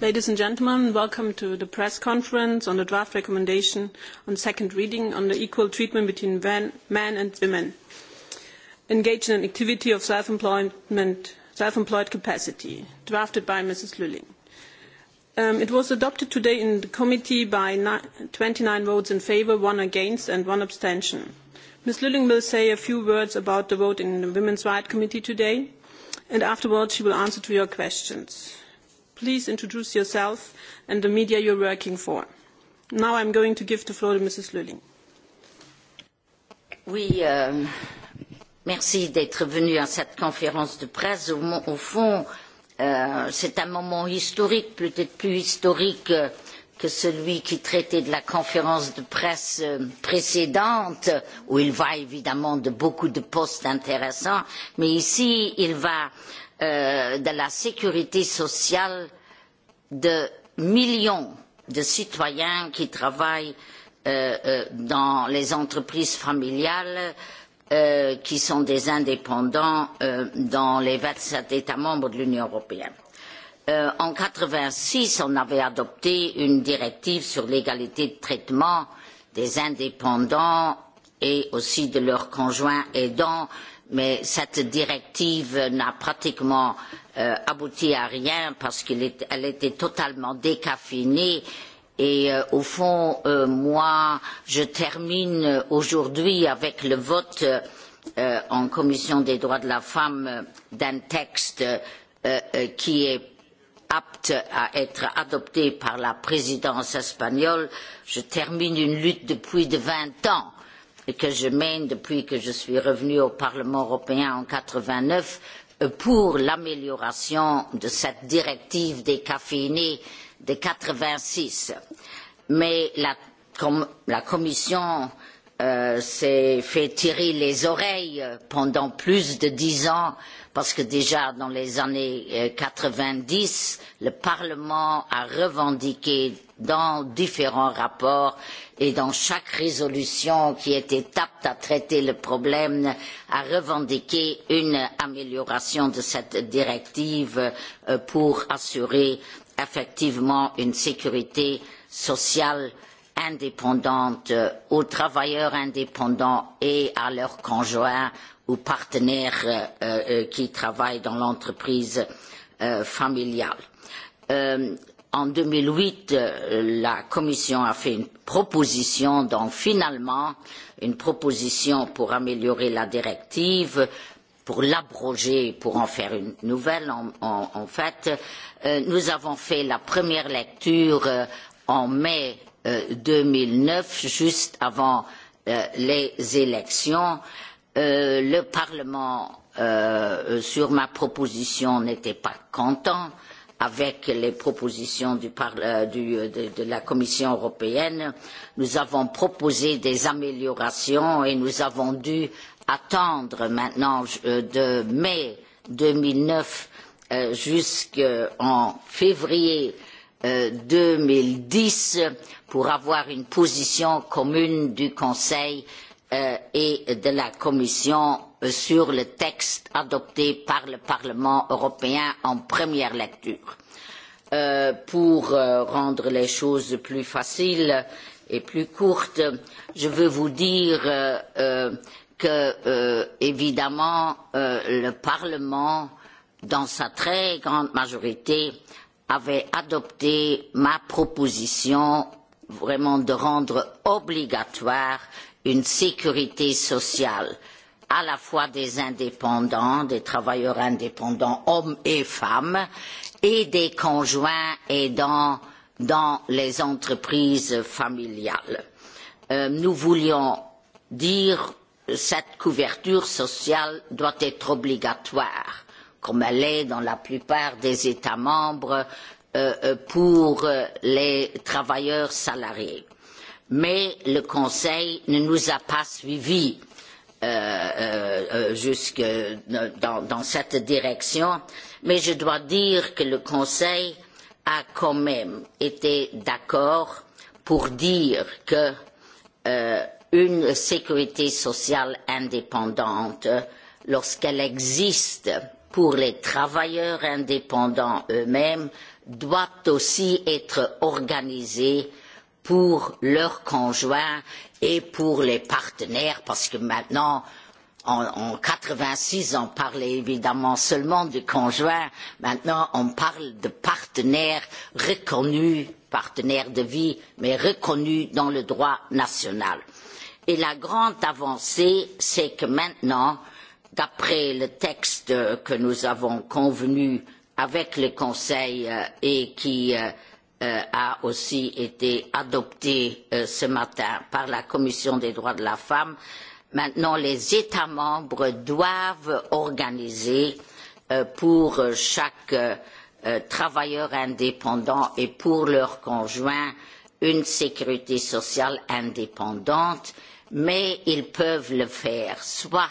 Ladies and gentlemen, welcome to the press conference on the draft recommendation on second reading on the equal treatment between men, and women engaged in an activity of self-employment, self-employed capacity, drafted by Mrs. Lülling. Um, it was adopted today in the committee by 29 votes in favour, one against and one abstention. Ms. Lülling will say a few words about the vote in the Women's Rights Committee today, and afterwards she will answer to your questions. Please introduce yourself and the media you're working for. Now I'm going to give the floor to Mrs. Lulling. Oui, euh, merci d'être venu à cette conférence de presse. Au, au fond, euh, c'est un moment historique, peut-être plus historique euh, que celui qui traitait de la conférence de presse euh, précédente, où il va évidemment de beaucoup de postes intéressants, mais ici, il va Euh, de la sécurité sociale de millions de citoyens qui travaillent euh, euh, dans les entreprises familiales, euh, qui sont des indépendants euh, dans les 27 États membres de l'Union européenne. Euh, en 86, on avait adopté une directive sur l'égalité de traitement des indépendants et aussi de leurs conjoints aidants mais cette directive n'a pratiquement euh, abouti à rien parce qu'elle était totalement décaffinée. Et euh, au fond, euh, moi, je termine aujourd'hui avec le vote euh, en commission des droits de la femme d'un texte euh, euh qui est apte à être adopté par la présidence espagnole. Je termine une lutte depuis de 20 ans que je mène depuis que je suis revenue au Parlement européen en 89 euh, pour l'amélioration de cette directive des caféinés de 86. Mais la, com la Commission s'est euh, fait tirer les oreilles pendant plus de dix ans parce que déjà dans les années 90, euh, le Parlement a revendiqué dans différents rapports et dans chaque résolution qui était apte à traiter le problème, a revendiqué une amélioration de cette directive euh, pour assurer effectivement une sécurité sociale euh, indépendante euh, aux travailleurs indépendants et à leurs conjoints ou partenaires euh, euh qui travaillent dans l'entreprise euh, familiale. Euh, en 2008, euh, la Commission a fait une proposition, donc finalement, une proposition pour améliorer la directive, pour l'abroger, pour en faire une nouvelle, en, en, en fait. Euh, nous avons fait la première lecture euh, en mai Euh, deux mille neuf juste avant euh, les élections, euh, le Parlement, sur ma proposition, n'était pas content avec les propositions du, du, de, de la Commission européenne. Nous avons proposé des améliorations et nous avons dû attendre maintenant de mai 2009 euh, jusqu'en février 2010 Euh, deux mille dix pour avoir une position commune du Conseil euh, et de la Commission euh, sur le texte adopté par le Parlement européen en première lecture. Euh, pour euh, rendre les choses plus faciles et plus courtes, je veux vous dire euh, euh, que, euh, évidemment, euh, le Parlement, dans sa très grande majorité, euh, avait adopté ma proposition vraiment de rendre obligatoire une sécurité sociale à la fois des indépendants, des travailleurs indépendants, hommes et femmes, et des conjoints aidants dans les entreprises familiales. Euh, nous voulions dire que cette couverture sociale doit être obligatoire comme elle est dans la plupart des États membres euh, euh pour euh, les travailleurs salariés. Mais le Conseil ne nous a pas suivis euh, euh, euh jusque dans, dans cette direction, mais je dois dire que le Conseil a quand même été d'accord pour dire que euh, une sécurité sociale indépendante, lorsqu'elle existe, pour les travailleurs indépendants eux-mêmes doit aussi être organisée pour leurs conjoints et pour les partenaires, parce que maintenant, en, en 86, on parlait évidemment seulement de conjoints. Maintenant, on parle de partenaires reconnus, partenaires de vie, mais reconnus dans le droit national. Et la grande avancée, c'est que maintenant, d'après le texte que nous avons convenu avec le Conseil euh, et qui euh, euh, a aussi été adopté ce matin par la Commission des droits de la femme, maintenant les États membres doivent organiser pour chaque travailleur indépendant et pour leur conjoint une sécurité sociale indépendante, mais ils peuvent le faire soit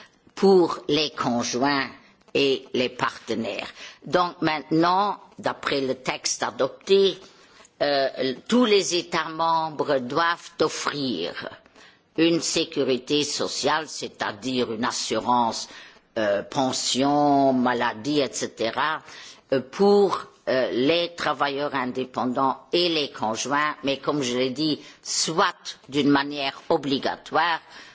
pour les conjoints et les partenaires. Donc maintenant, d'après le texte adopté, euh, tous les États membres doivent offrir une sécurité sociale, c'est-à-dire une assurance euh, pension, maladie, etc., euh, pour euh, les travailleurs indépendants et les conjoints, mais comme je l'ai dit, soit d'une manière obligatoire, euh,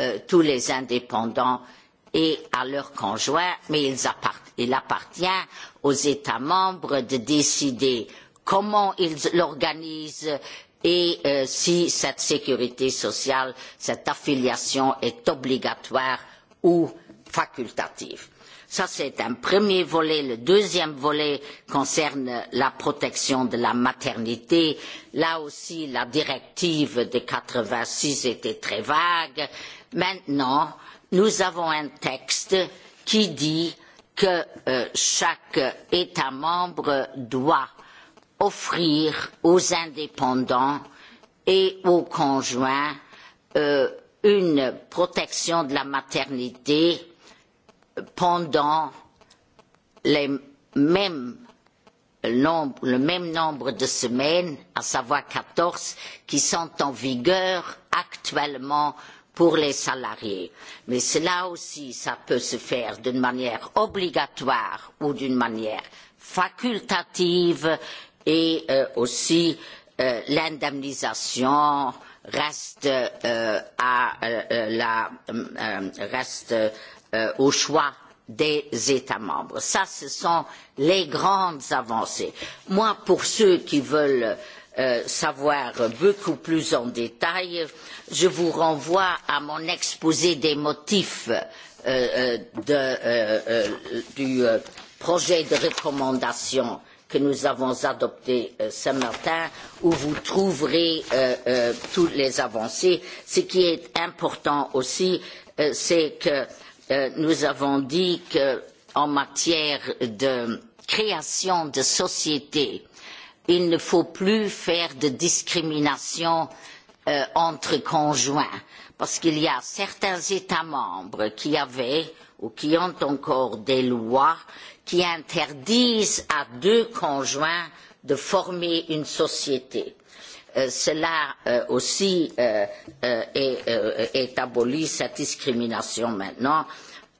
Euh, tous les indépendants et à leurs conjoints, mais ils il appartient aux États membres de décider comment ils l'organisent et euh, si cette sécurité sociale, cette affiliation est obligatoire ou facultative. Ça, c'est un premier volet. Le deuxième volet concerne la protection de la maternité. Là aussi, la directive de 86 était très vague Maintenant, nous avons un texte qui dit que euh, chaque État membre doit offrir aux indépendants et aux conjoints euh, une protection de la maternité pendant les mêmes nombre, le même nombre de semaines, à savoir 14, qui sont en vigueur actuellement pour les salariés. Mais cela aussi, ça peut se faire d'une manière obligatoire ou d'une manière facultative et euh, aussi euh, l'indemnisation reste, euh, à, euh, euh la, euh, reste euh, au choix des États membres. Ça, ce sont les grandes avancées. Moi, pour ceux qui veulent euh, Euh, savoir beaucoup plus en détail, je vous renvoie à mon exposé des motifs euh, euh de, euh, euh, du euh, projet de recommandation que nous avons adopté euh, ce matin, où vous trouverez euh, euh, toutes les avancées. Ce qui est important aussi, euh, c'est que euh, nous avons dit qu'en matière de création de sociétés, il ne faut plus faire de discrimination euh, entre conjoints parce qu'il y a certains États membres qui avaient ou qui ont encore des lois qui interdisent à deux conjoints de former une société. Euh, cela euh, aussi euh, euh, est, euh, est aboli, cette discrimination maintenant.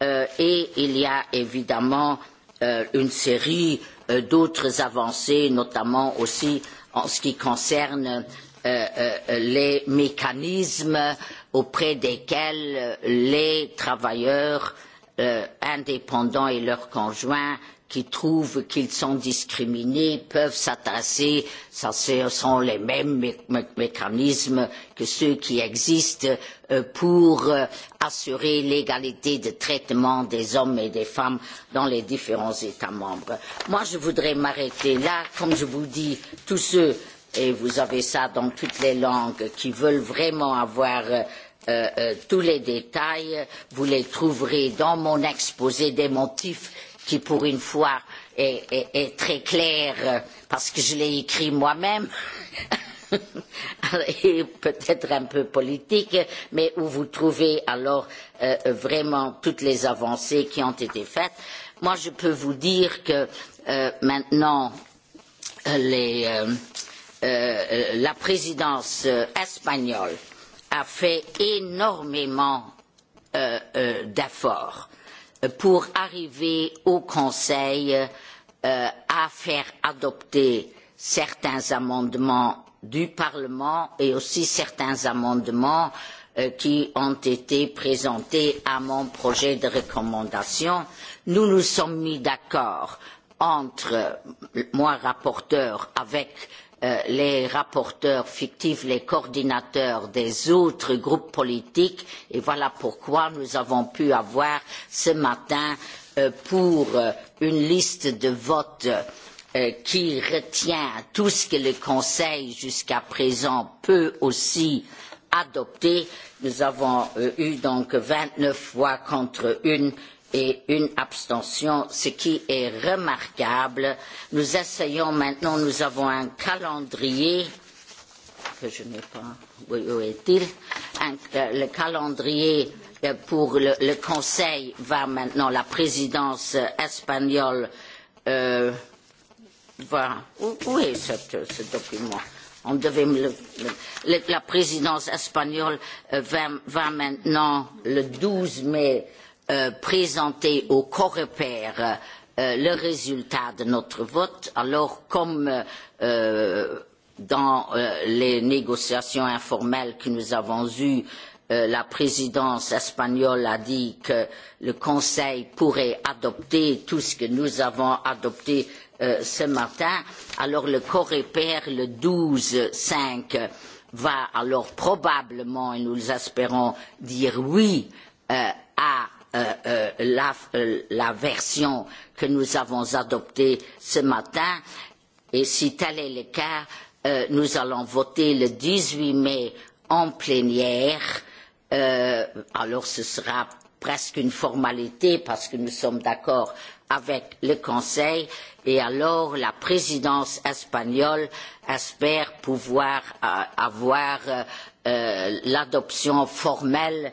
Euh, et il y a évidemment euh, une série euh, euh, d'autres avancées, notamment aussi en ce qui concerne euh, euh, les mécanismes auprès desquels les travailleurs euh, indépendants et leurs conjoints qui trouvent qu'ils sont discriminés peuvent s'attasser, ça ce sont les mêmes mé mé mécanismes que ceux qui existent euh, pour euh, assurer l'égalité de traitement des hommes et des femmes dans les différents États membres. Moi, je voudrais m'arrêter là. Comme je vous dis, tous ceux, et vous avez ça dans toutes les langues, qui veulent vraiment avoir euh, euh, euh tous les détails, vous les trouverez dans mon exposé des motifs qui pour une fois est, est, est très clair parce que je l'ai écrit moi-même et peut-être un peu politique, mais où vous trouvez alors euh, vraiment toutes les avancées qui ont été faites. Moi, je peux vous dire que euh, maintenant, les, euh, euh, la présidence euh, espagnole a fait énormément euh, euh, d'efforts euh, pour arriver au Conseil euh, à faire adopter certains amendements du Parlement et aussi certains amendements euh, qui ont été présentés à mon projet de recommandation. Nous nous sommes mis d'accord entre moi rapporteur avec euh, Euh, les rapporteurs fictifs, les coordinateurs des autres groupes politiques. Et voilà pourquoi nous avons pu avoir ce matin euh, pour euh, une liste de votes qui retient tout ce que le Conseil jusqu'à présent peut aussi adopter. Nous avons eu donc 29 voix contre une et une abstention, ce qui est remarquable. Nous essayons maintenant, nous avons un calendrier que je n'ai pas. Où, est-il un, euh, Le calendrier euh, pour le, le Conseil va maintenant, la présidence espagnole euh, va. Où, où est cette, ce document On devait me le, le, la présidence espagnole euh, va, va maintenant le 12 mai Euh, présenter au coreper euh, le résultat de notre vote. Alors, comme euh, dans euh, les négociations informelles que nous avons eues, euh, la présidence espagnole a dit que le Conseil pourrait adopter tout ce que nous avons adopté euh, ce matin. Alors le Coreper, le 12-5, va alors probablement, et nous l'espérons, dire oui euh, à Euh, euh, la, euh, la version que nous avons adoptée ce matin. Et si tel est le cas, euh, nous allons voter le 18 mai en plénière. Euh, alors ce sera presque une formalité parce que nous sommes d'accord avec le Conseil et alors la présidence espagnole espère pouvoir euh, avoir euh, euh l'adoption formelle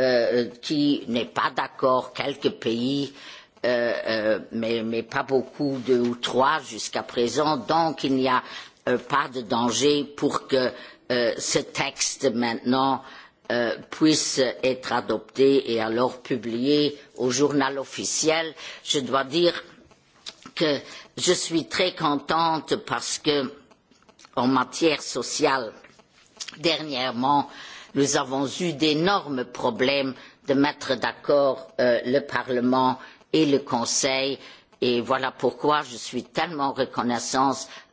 Euh, euh, qui n'est pas d'accord, quelques pays, euh, euh, mais, mais pas beaucoup, deux ou trois jusqu'à présent. Donc il n'y a euh, pas de danger pour que euh, ce texte maintenant euh, puisse être adopté et alors publié au journal officiel. Je dois dire que je suis très contente parce que en matière sociale, dernièrement, euh, nous avons eu d'énormes problèmes de mettre d'accord euh, le Parlement et le Conseil. Et voilà pourquoi je suis tellement reconnaissante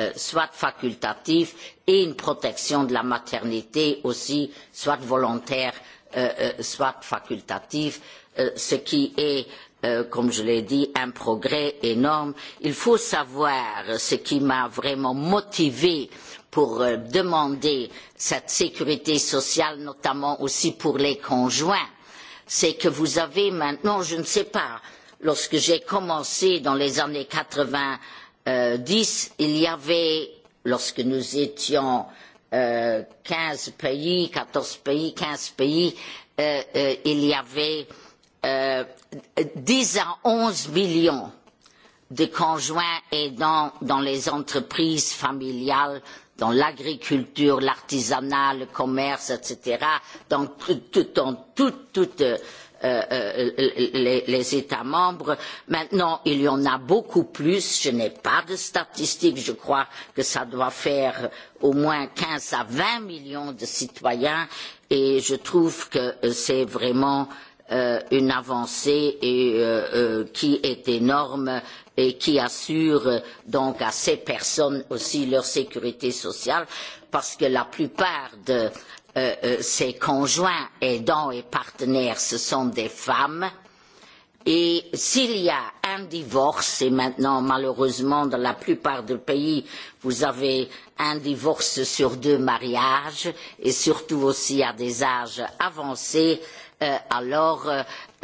Euh, soit facultative et une protection de la maternité aussi soit volontaire euh, euh, soit facultative ce qui est comme je l'ai dit, un progrès énorme. Il faut savoir ce qui m'a vraiment motivé pour demander cette sécurité sociale, notamment aussi pour les conjoints, c'est que vous avez maintenant, je ne sais pas, lorsque j'ai commencé dans les années quatre vingts Euh, dix il y avait lorsque nous étions euh, quinze pays quatorze pays quinze pays euh, euh, il y avait euh, dix à onze millions de conjoints aidants dans les entreprises familiales dans l'agriculture l'artisanat le commerce etc. dans, tout, dans tout, toute, toute euh, Euh, euh, euh, les, les États membres. Maintenant, il y en a beaucoup plus. Je n'ai pas de statistiques. Je crois que ça doit faire au moins 15 à 20 millions de citoyens. Et je trouve que c'est vraiment euh, une avancée et, euh, euh, qui est énorme et qui assure donc à ces personnes aussi leur sécurité sociale parce que la plupart de Euh, euh, ses conjoints aidants et partenaires, ce sont des femmes. Et s'il y a un divorce, et maintenant malheureusement dans la plupart des pays, vous avez un divorce sur deux mariages, et surtout aussi à des âges avancés, euh, euh, alors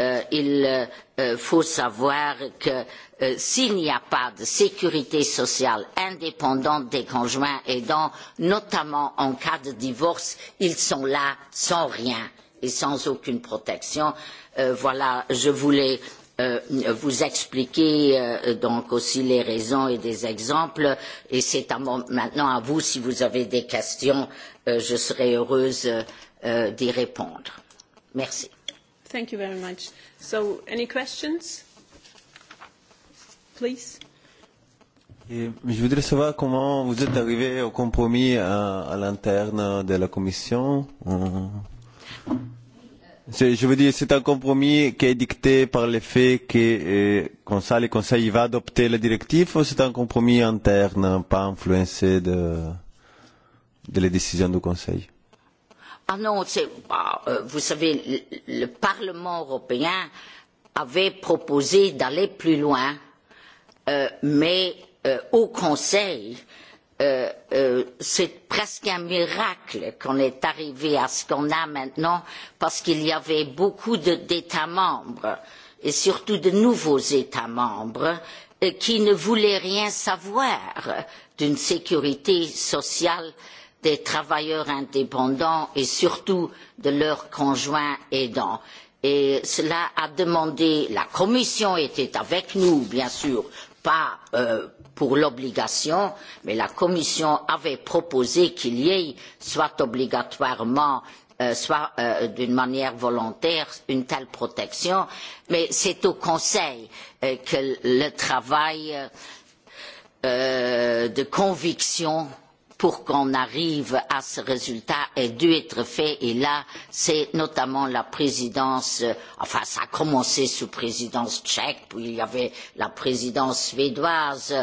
euh, il euh, faut savoir que euh, s'il n'y a pas de sécurité sociale indépendante des conjoints aidants, notamment en cas de divorce, ils sont là sans rien et sans aucune protection. Euh, voilà, je voulais euh, vous expliquer euh, donc aussi les raisons et des exemples et c'est maintenant à vous si vous avez des questions, euh, je serai heureuse euh, d'y répondre. Merci. Thank you very much. So, any questions? Please. Et je voudrais savoir comment vous êtes arrivé au compromis à, à l'interne de la Commission. Euh, je veux dire, c'est un compromis qui est dicté par le fait que, euh, comme ça, le Conseil va adopter la directive ou c'est un compromis interne, pas influencé de, de les décisions du Conseil Ah non, bah, euh, vous savez, le, le Parlement européen avait proposé d'aller plus loin, euh, mais euh, au Conseil, euh, euh, c'est presque un miracle qu'on est arrivé à ce qu'on a maintenant, parce qu'il y avait beaucoup d'États membres, et surtout de nouveaux États membres, euh, qui ne voulaient rien savoir d'une sécurité sociale euh, des travailleurs indépendants et surtout de leurs conjoints aidants. Et cela a demandé, la Commission était avec nous, bien sûr, pas euh, pour l'obligation, mais la Commission avait proposé qu'il y ait, soit obligatoirement, euh, soit euh, d'une manière volontaire, une telle protection. Mais c'est au Conseil euh, que le travail euh, de conviction euh, pour qu'on arrive à ce résultat ait dû être fait. Et là, c'est notamment la présidence, euh, enfin, ça a commencé sous présidence tchèque, puis il y avait la présidence suédoise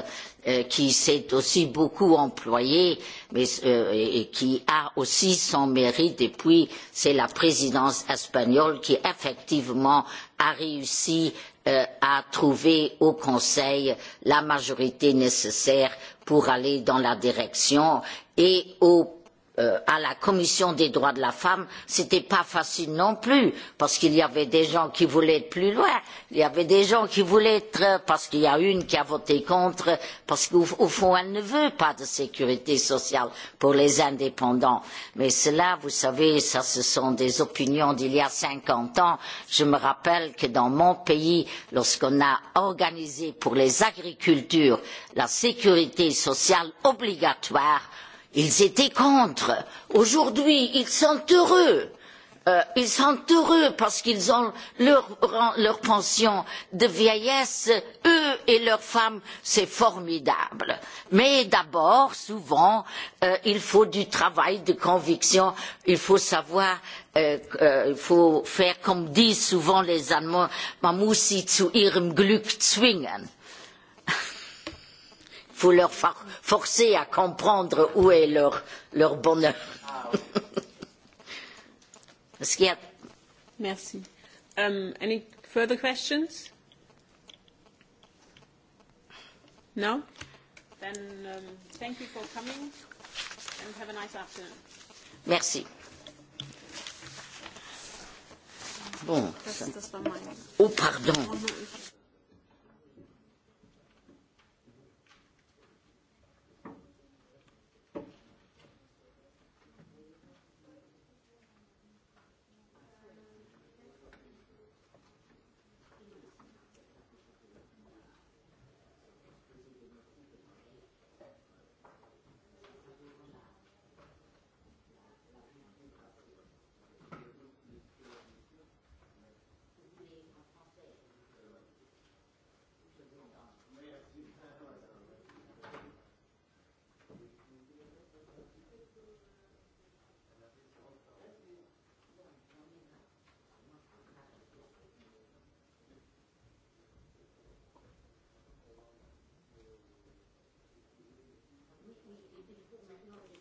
euh, qui s'est aussi beaucoup employée mais, euh, et qui a aussi son mérite. Et puis, c'est la présidence espagnole qui, effectivement, a réussi euh, à trouver au Conseil la majorité nécessaire pour aller dans la direction et au euh, à la commission des droits de la femme, c'était pas facile non plus, parce qu'il y avait des gens qui voulaient être plus loin, il y avait des gens qui voulaient être, parce qu'il y a une qui a voté contre, parce qu'au fond elle ne veut pas de sécurité sociale pour les indépendants. Mais cela, vous savez, ça ce sont des opinions d'il y a 50 ans. Je me rappelle que dans mon pays, lorsqu'on a organisé pour les agricultures la sécurité sociale obligatoire, Ils étaient contre. Aujourd'hui, ils sont heureux. Euh, ils sont heureux parce qu'ils ont leur, leur pension de vieillesse, eux et leurs femmes, c'est formidable. Mais d'abord, souvent, euh, il faut du travail de conviction, il faut savoir, euh, euh, il faut faire comme disent souvent les Allemands, man muss sie zu ihrem Glück zwingen faut leur forcer à comprendre où est leur, leur bonheur. Parce qu'il y a... Merci. Um, any further questions? No? Then um, thank you for coming and have a nice afternoon. Merci. Bon. utilizzo una norma di